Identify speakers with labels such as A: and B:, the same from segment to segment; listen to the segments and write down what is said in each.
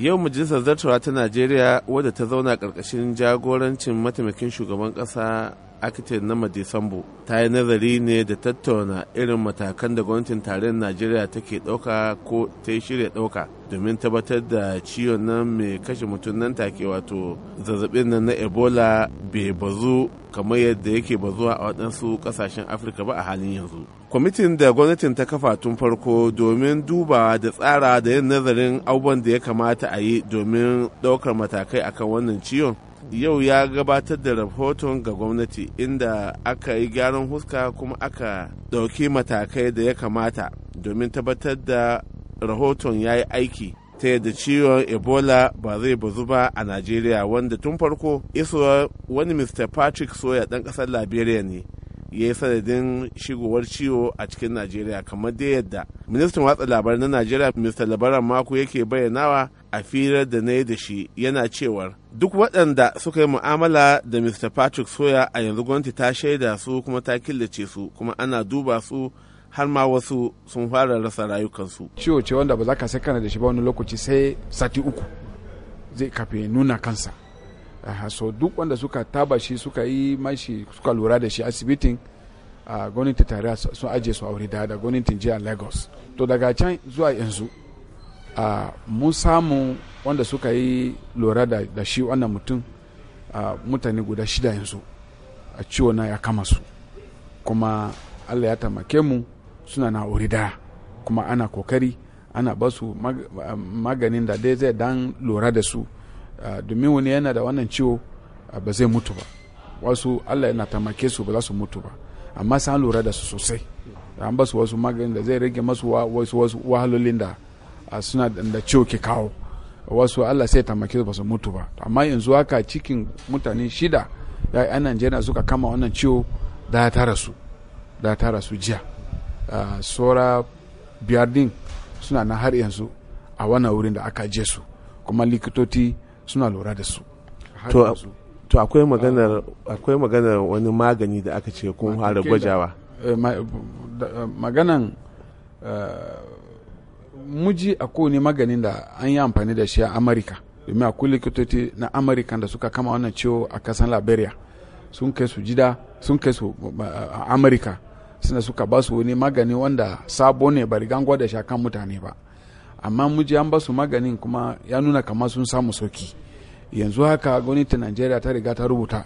A: yau majalisar zartawa ta najeriya wadda ta zauna ƙarƙashin jagorancin mataimakin shugaban ƙasa akte na madisambu ta yi nazari ne da tattauna irin matakan da gwamnatin tarayyar najeriya take ɗauka ko ta yi shirya ɗauka domin tabbatar da ciwon nan mai kashe mutum nan take wato zazzabin nan na ebola bai bazu kamar yadda yake bazuwa a waɗansu ƙasashen afirka ba a halin yanzu kwamitin da gwamnatin ta kafa tun farko domin duba da tsara da yin nazarin abubuwan da ya kamata a yi domin ɗaukar matakai akan wannan ciwon yau ya gabatar da rahoton ga gwamnati inda aka yi gyaran huska kuma aka ɗauki matakai da ya kamata domin tabbatar da rahoton ya yi aiki ta yadda ciwon ebola ba zai bazu ba a najeriya wanda tun farko isuwa wani mr patrick soya ɗan ƙasar liberia ne ya yi sanadin shigowar ciwo a cikin najeriya kamar da yadda ministan watsa labarai na najeriya mr labaran mako yake bayyanawa a firar da na yi da shi yana cewar duk waɗanda suka yi mu'amala da mr patrick soya a yanzu gwamnati ta shaida su kuma ta killace su kuma ana duba su har
B: ma wasu sun fara rasa rayukansu ciwo ce wanda ba za ka sai kana da shi ba wani lokaci sai sati uku zai kafe nuna kansa so duk wanda suka taba shi suka yi mashi suka lura da shi asibitin a gwamnatin tarayya sun ajiye su a wuri da gwamnatin jiya lagos to daga can zuwa yanzu mun samu wanda suka yi lura da shi wannan mutum mutane guda shida yanzu a ciwo na ya kama su kuma allah ya tamake mu suna na wuri daya kuma ana kokari ana basu maganin da dai zai dan lura da su Ah, domin wani yana da wannan ciwo ah, ba zai mutu ba wasu allah yana tamake su ba za su mutu ba amma san lura da su sosai an ba su wasu maganin da zai rage masu wasu wahalolin da ah, suna da ciwo ke kawo wasu allah sai tamake su ba su mutu ba amma yanzu haka cikin mutane shida ya yan najeriya suka kama wannan ciwo da ta su da rasu jiya sora biyar din suna na har yanzu a wannan wurin da aka je su kuma likitoci suna lura da su to akwai maganar
A: akwai maganar wani magani da aka ce kun fara gwajawa
B: eh, eh, maganan eh, muji a kowane maganin da an yi amfani da shi a amurka domin akwai likitoci na amurka da suka kama wannan ciwo a kasan liberia sun kai su jida sun kai su amurka suna suka ba su wani magani wanda sabo ne ba rigan gwada shi kan mutane ba amma muji an ba su maganin kuma ya nuna kamar sun samu sauki yanzu haka gwamnatin najeriya ta riga ta rubuta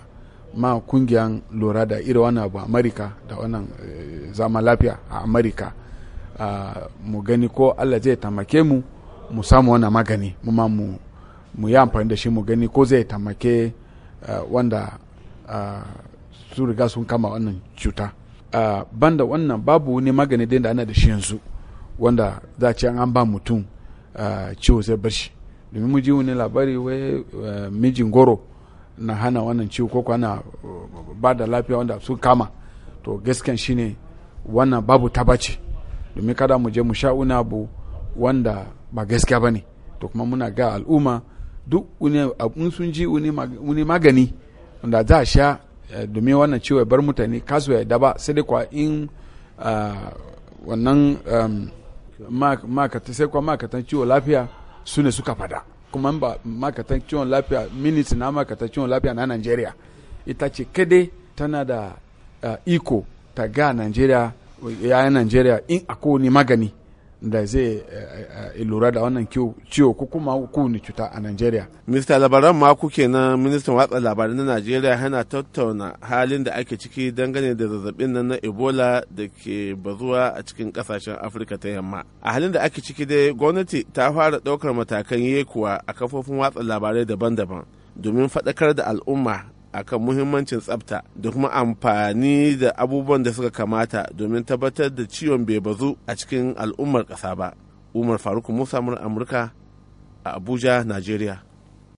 B: ma kungiyar lura da irin wannan abu amerika da wannan eh, zama lafiya a amerika ah, mu gani ko allah zai tamake mu mu samu wannan magani mu ma mu yi amfani da shi mu gani ko zai tamake eh, wanda ah, su riga sun kama wannan cuta ah, banda wannan babu wani magani da ana da shi yanzu wanda za a ce an ba mutum ah, ciwo sai bar shi domin mu ji wani labari wai eh, mijin goro na hana wannan ciwo ko kwana eh, ba da lafiya wanda sun kama to gasken shine wannan babu tabaci domin kada mu je mu sha una abu wanda ba gaskiya ba ne to kuma muna ga al'umma duk in sun ji wani magani wanda za a sha eh, domin wannan ciwo ya bar mutane kasu ya daba sai dai kwa in ah, wannan sai kuwa makatan ciwon lafiya su ne suka fada kuma ba makatan ciwon lafiya minit na makatan ciwon lafiya na nigeria ita ce kade tana da eh, iko ta ga nigeria yayan najeriya in akwai magani da zai eh, eh, eh, lura da wannan ciwo ko kuma kowane cuta a Najeriya.
A: Mista Labaran ma kuke na ministan watsa labarai na Najeriya yana tattauna halin da ake ciki dangane da zazzabin nan na Ebola da ke bazuwa a cikin kasashen Afirka ta yamma. A halin da ake ciki dai gwamnati ta fara ɗaukar matakan yekuwa a kafofin watsa labarai daban-daban domin faɗakar da al'umma akan muhimmancin tsafta da kuma amfani da abubuwan da suka kamata domin tabbatar da ciwon bai bazu a cikin al'ummar ƙasa ba umar faruk musa amurka a abuja najeriya